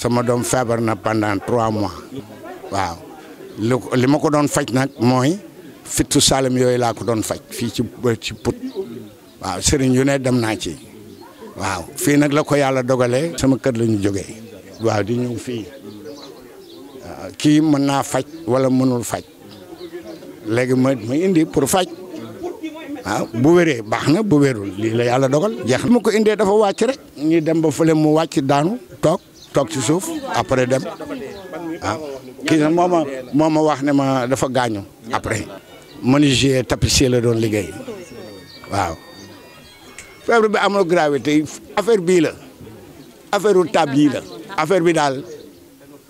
sama doom feebar na pendant trois mois waaw li ma ko doon faj nag mooy fittu Saalum yooyu laa ko doon faj fii ci ci Pout waaw sëriñ yu ne dem naa ci waaw fii nag la ko yàlla dogale sama kër lañu ñu waaw di ñëw fii kii mën naa faj wala mënul faj léegi ma indi pour faj waaw bu wéree baax na bu wérul lii la yàlla dogal jeex ma ko indee dafa wàcc rek ñuy dem ba fële mu wàcc daanu toog ci suuf après dem ah, kii nag moo ma moo wax ne ma dafa gaañu après menuisier tapissier la doon liggéey waaw feebar bi amul gravité affaire bii la affaire u tab yii la affaire bi daal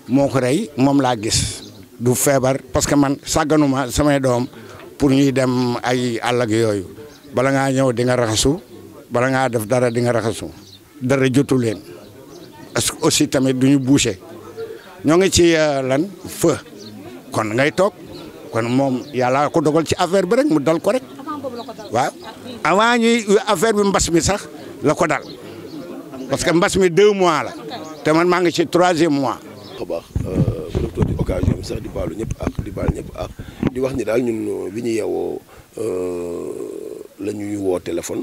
moo ko rey moom laa gis du feebar parce que man sàgganuma sama doom pour ñuy dem ay àll yooyu bala ngaa ñëw di nga raxasu bala ngaa def dara di nga raxasu dara jotu leen parce que aussi tamit du ñu boucher ñoo ngi ci euh, lan feu kon ngay toog kon moom yàlla ko dogal ci affaire bi rek mu dal ko rek waaw avant ñuy euh, affaire bi mbas mi sax la ko dal parce que mbas mi deux mois la te man maa ngi ci troisième mois. Euh, bu di occasion bi sax di baalu ñëpp ak di ñëpp ak di wax ni daal ñun bi ñu yeewoo la ñuy woo téléphone.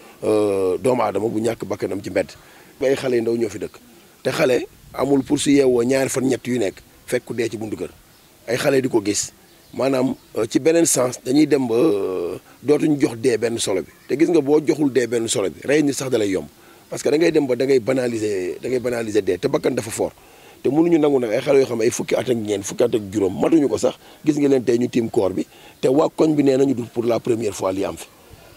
Euh, doomu adama bu ñak bakkanam ci mbedd bay xalé ndaw ñofi fi dëkk te xalé amul pour si yeewoo ñaar fan ñett yu nekk fekku dé ci buntu kër ay xalé diko gis manam euh, ci benen sens dañuy dem ba euh, dootuñ jox dé benn solo bi te gis nga bo joxul dé benn solo bi ray ni sax da lay yomb parce que da ngay dem ba da ngay banaliser da ngay banaliser dé te bakkan dafa fort te ñu nangu nak ay xalé yo xam ay fukki at ak ñeen fukki at ak juroom matuñu ko sax gis nga leen tay ñu tim koor bi te wa koñ bi nee nañu pour la première fois li am fi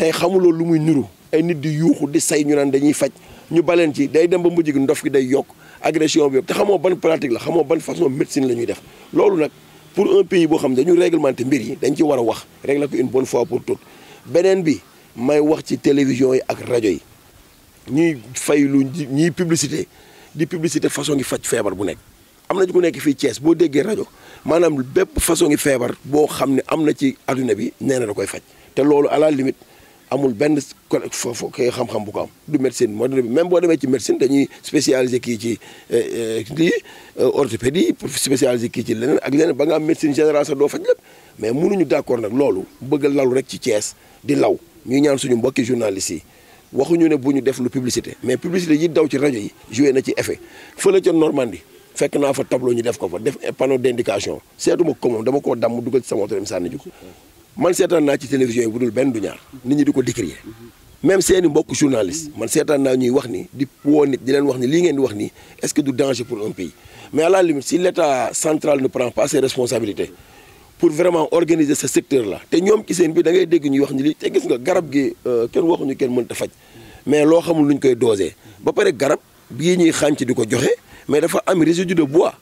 tey xamuloo lu muy niru ay nit di yuuxu di say ñu naan dañuy faj ñu baleen ci day dem ba mujj gi ndof gi day yokk agression bi yokk te xamoo ban pratique la xamoo ban façon médecine la ñuy def loolu nag pour un pays boo xam ne dañu réglementé mbir yi dañ ci war a wax régler ko une bonne fois pour toutes beneen bi may wax ci télévision yi ak rajo yi ñuy fay lu ñuy publicité di publicité façon ngi faj feebar bu nekk am na ku nekk fii Thiès boo déggee rajo maanaam bépp façon ngi feebar boo xam ne am na ci adduna bi nee na da koy faj te loolu à la amul benn foofu kii xam-xam bu ko am du médecine moderne bi même boo demee ci médecine dañuy spécialisé kii ci lii eh, eh, euh, orthopédie pour spécialisé kii ci leneen ak leneen ba nga am médecine générale sax doo faj lépp mais munuñu d' accord nag loolu bëgg lalu rek ci Thiès di law ñuy ñaan suñu mbokki journalistes yi waxuñu ne bu ñu def lu publicité mais publicité yi daw ci rajo yi joué na ci effet fële ca Normandie fekk naa fa tableau ñu def ko fa def panneau d' indication seetuma ko moom dama koo damm dugal ci sama oto dem sànni man sétan na ci télévision yi bu dul du ñaar nit ñi di ko décrier même seeni mbokk journaliste man sétan na ñuy wax ni di woo nit di leen wax ni li ngeen di wax ni est-ce que du danger pour un pays mais à la limite si l'État central ne prend pas ses responsabilités pour vraiment organiser ce secteur là té ñom ci seen bi da ngay dégg ñuy wax ni lii te gis nga garab gi euh, kenn ñu kenn mënta faj mais lo xamul luñ koy doser ba paré garab bi ñuy xànc di ko joxé mais dafa am résidu de bois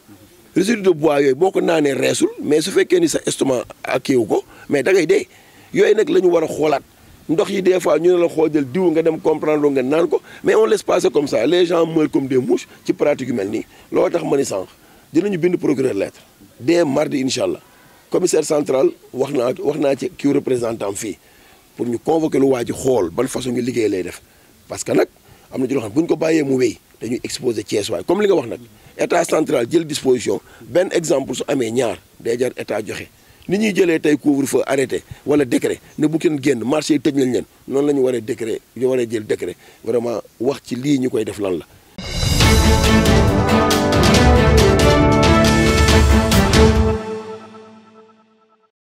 résidus de bois yooyu boo ko naanee reesul mais su fekkee ni sa estomac ak wu ko mais dangay dee yooyu nag la ñu war a xoolaat ndox yi des fois ñu ne la xoojal diw nga dem comprendre nga naan ko mais on laisse passer comme ça les gens meurent comme des mouches ci pratique yu mel nii loolu tax ma ni sànq dinañu bind procureur lettre dès mardi incha allah commissaire centrale wax naa wax naa ci kii représentant fii pour ñu convoquer lu waa ji xool ban façon ngi liggéey lay def parce que nag am na ci loo xam ñu ko bàyyee mu wéy nous exposé les comme li nga l'État central, état central jël disposition Un exemple su amee ñaar day l'État. état ni couvre-feu arrêté décret ne bouquin, marché yi tëj Non nous décret décret vraiment wax ci dit